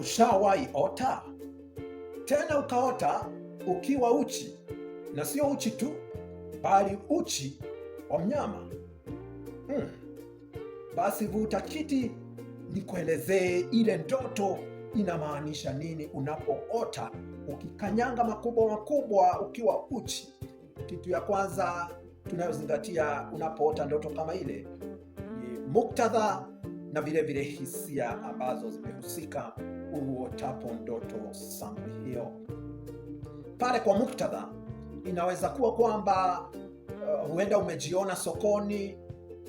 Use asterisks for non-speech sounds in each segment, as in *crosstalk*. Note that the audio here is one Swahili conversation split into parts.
Ushawahi ota? Tena ukaota ukiwa uchi, na sio uchi tu, bali uchi wa mnyama hmm. Basi vuta kiti nikuelezee ile ndoto inamaanisha nini unapoota ukikanyanga makubwa makubwa ukiwa uchi. Kitu ya kwanza tunayozingatia unapoota ndoto kama ile ni muktadha na vilevile hisia ambazo zimehusika uotapo ndoto sampuli hiyo. Pale kwa muktadha, inaweza kuwa kwamba uh, huenda umejiona sokoni,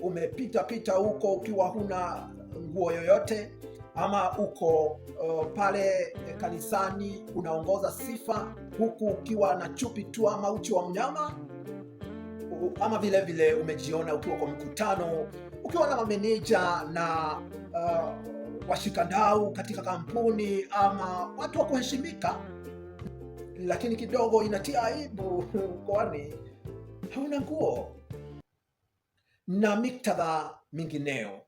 umepita pita huko ukiwa huna nguo yoyote, ama uko uh, pale kanisani unaongoza sifa huku ukiwa na chupi tu ama uchi wa mnyama ama vile vile umejiona ukiwa kwa mkutano ukiwa na mameneja na uh, washikadau katika kampuni ama watu wa kuheshimika, lakini kidogo inatia aibu, *laughs* kwani hauna nguo na miktadha mingineo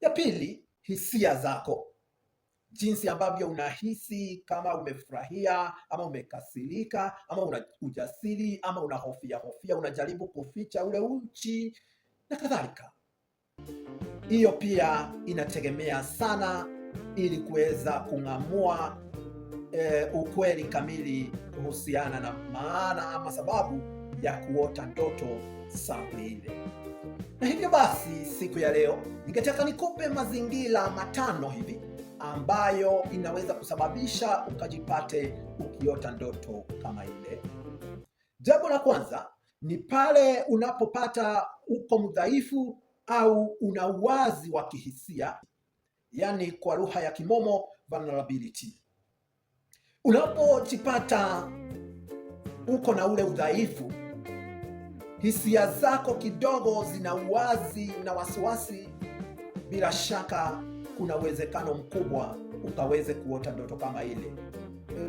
Ya pili, hisia zako, jinsi ambavyo unahisi, kama umefurahia ama umekasirika ama una ujasiri ama unahofia hofia, unajaribu kuficha ule uchi na kadhalika. Hiyo pia inategemea sana ili kuweza kung'amua e, ukweli kamili kuhusiana na maana ama sababu ya kuota ndoto sawa ile. Na hivyo basi, siku ya leo ningetaka nikupe mazingira matano hivi ambayo inaweza kusababisha ukajipate ukiota ndoto kama ile. Jambo la kwanza ni pale unapopata uko mdhaifu au una uwazi wa kihisia, yani kwa lugha ya kimomo vulnerability. Unapojipata uko na ule udhaifu, hisia zako kidogo zina uwazi na wasiwasi, bila shaka kuna uwezekano mkubwa ukaweze kuota ndoto kama ile,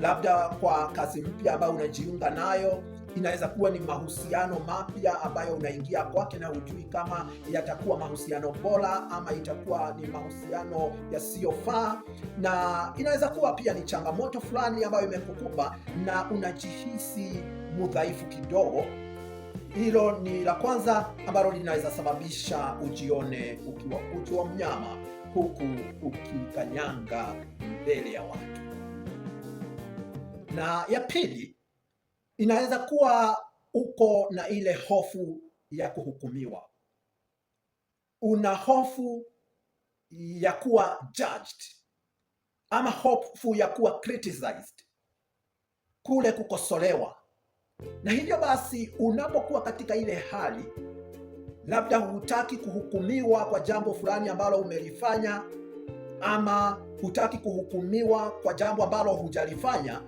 labda kwa kazi mpya ambayo unajiunga nayo inaweza kuwa ni mahusiano mapya ambayo unaingia kwake na hujui kama yatakuwa mahusiano bora ama itakuwa ni mahusiano yasiyofaa, na inaweza kuwa pia ni changamoto fulani ambayo imekukumba na unajihisi mudhaifu kidogo. Hilo ni la kwanza ambalo linaweza sababisha ujione ukiwa uti wa mnyama huku ukikanyanga mbele ya watu. Na ya pili inaweza kuwa uko na ile hofu ya kuhukumiwa, una hofu ya kuwa judged ama hofu ya kuwa criticized, kule kukosolewa. Na hivyo basi, unapokuwa katika ile hali, labda hutaki kuhukumiwa kwa jambo fulani ambalo umelifanya, ama hutaki kuhukumiwa kwa jambo ambalo hujalifanya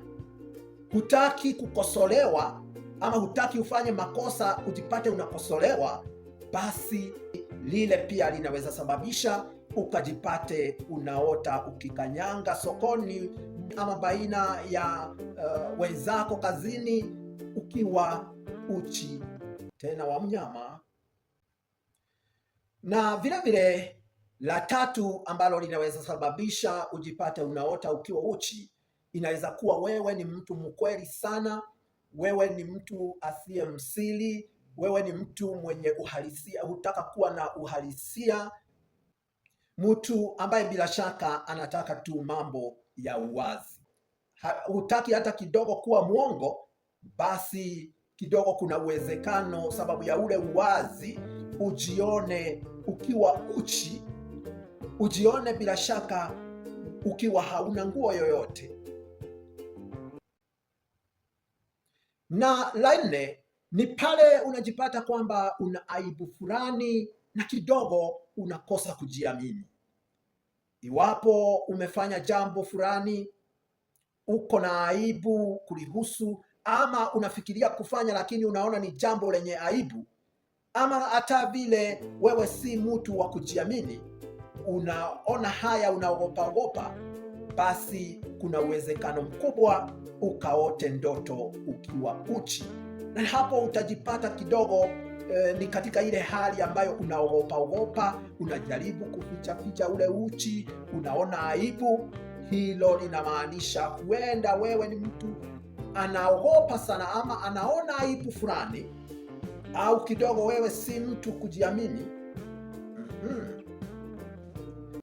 hutaki kukosolewa ama hutaki ufanye makosa ujipate unakosolewa, basi lile pia linaweza sababisha ukajipate unaota ukikanyanga sokoni ama baina ya uh, wenzako kazini ukiwa uchi tena wa mnyama. Na vilevile la tatu ambalo linaweza sababisha ujipate unaota ukiwa uchi Inaweza kuwa wewe ni mtu mkweli sana, wewe ni mtu asiye msiri, wewe ni mtu mwenye uhalisia, hutaka kuwa na uhalisia, mtu ambaye bila shaka anataka tu mambo ya uwazi, hutaki hata kidogo kuwa mwongo. Basi kidogo kuna uwezekano, sababu ya ule uwazi, ujione ukiwa uchi, ujione bila shaka ukiwa hauna nguo yoyote Na la nne ni pale unajipata kwamba una aibu fulani na kidogo unakosa kujiamini. Iwapo umefanya jambo fulani, uko na aibu kulihusu, ama unafikiria kufanya lakini unaona ni jambo lenye aibu, ama hata vile wewe si mtu wa kujiamini, unaona haya, unaogopaogopa basi kuna uwezekano mkubwa ukaote ndoto ukiwa uchi, na hapo utajipata kidogo E, ni katika ile hali ambayo unaogopa ogopa, unajaribu kuficha ficha ule uchi, unaona aibu. Hilo linamaanisha huenda wewe ni mtu anaogopa sana, ama anaona aibu fulani, au kidogo wewe si mtu kujiamini. mm -hmm.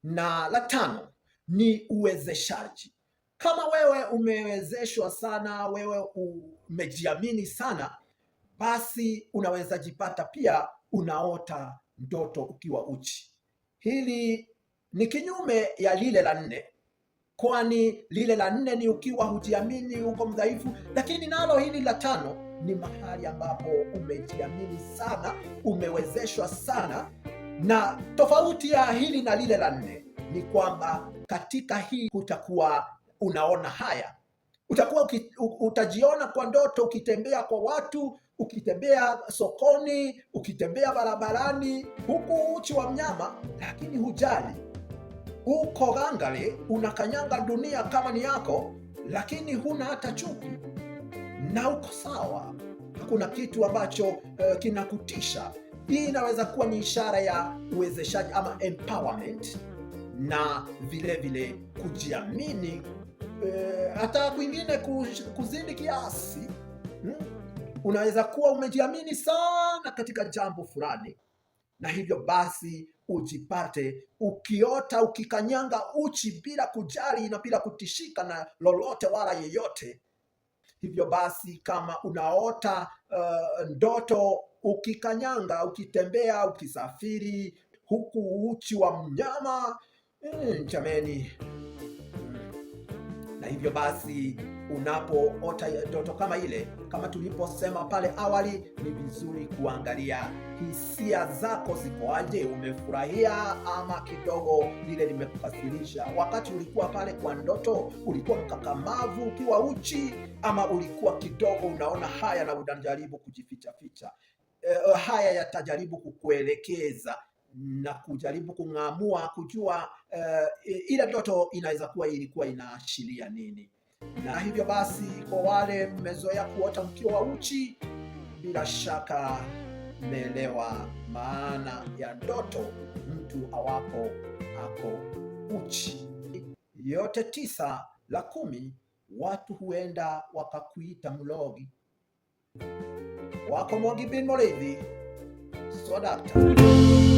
Na la tano, ni uwezeshaji. Kama wewe umewezeshwa sana, wewe umejiamini sana, basi unaweza jipata pia unaota ndoto ukiwa uchi. Hili ni kinyume ya lile la nne, kwani lile la nne ni ukiwa hujiamini, uko mdhaifu, lakini nalo hili la tano ni mahali ambapo umejiamini sana, umewezeshwa sana, na tofauti ya hili na lile la nne ni kwamba katika hii utakuwa unaona haya, utakuwa utajiona kwa ndoto ukitembea kwa watu, ukitembea sokoni, ukitembea barabarani, huku uchi wa mnyama, lakini hujali. Uko gangale, unakanyanga dunia kama ni yako, lakini huna hata chuki na uko sawa. Hakuna kitu ambacho uh, kinakutisha. Hii inaweza kuwa ni ishara ya uwezeshaji ama empowerment na vile vile kujiamini eh, hata kwingine kuzidi kiasi hmm? Unaweza kuwa umejiamini sana katika jambo fulani, na hivyo basi ujipate ukiota ukikanyanga uchi bila kujali na bila kutishika na lolote wala yeyote. Hivyo basi kama unaota uh, ndoto ukikanyanga, ukitembea, ukisafiri huku uchi wa mnyama mm, na hivyo basi unapoota ndoto kama ile, kama tuliposema pale awali, ni vizuri kuangalia hisia zako zikoaje. Umefurahia ama kidogo lile limekukasirisha? Wakati ulikuwa pale kwa ndoto, ulikuwa mkakamavu ukiwa uchi, ama ulikuwa kidogo unaona haya na unajaribu kujifichaficha? E, haya yatajaribu kukuelekeza na kujaribu kung'amua kujua uh, ile ndoto inaweza kuwa ilikuwa inaashiria nini. Na hivyo basi, kwa wale mmezoea kuota mkio wa uchi, bila shaka mmeelewa maana ya ndoto mtu awapo ako uchi. Yote tisa la kumi, watu huenda wakakuita mlogi wako Mogi bin Muriithi. So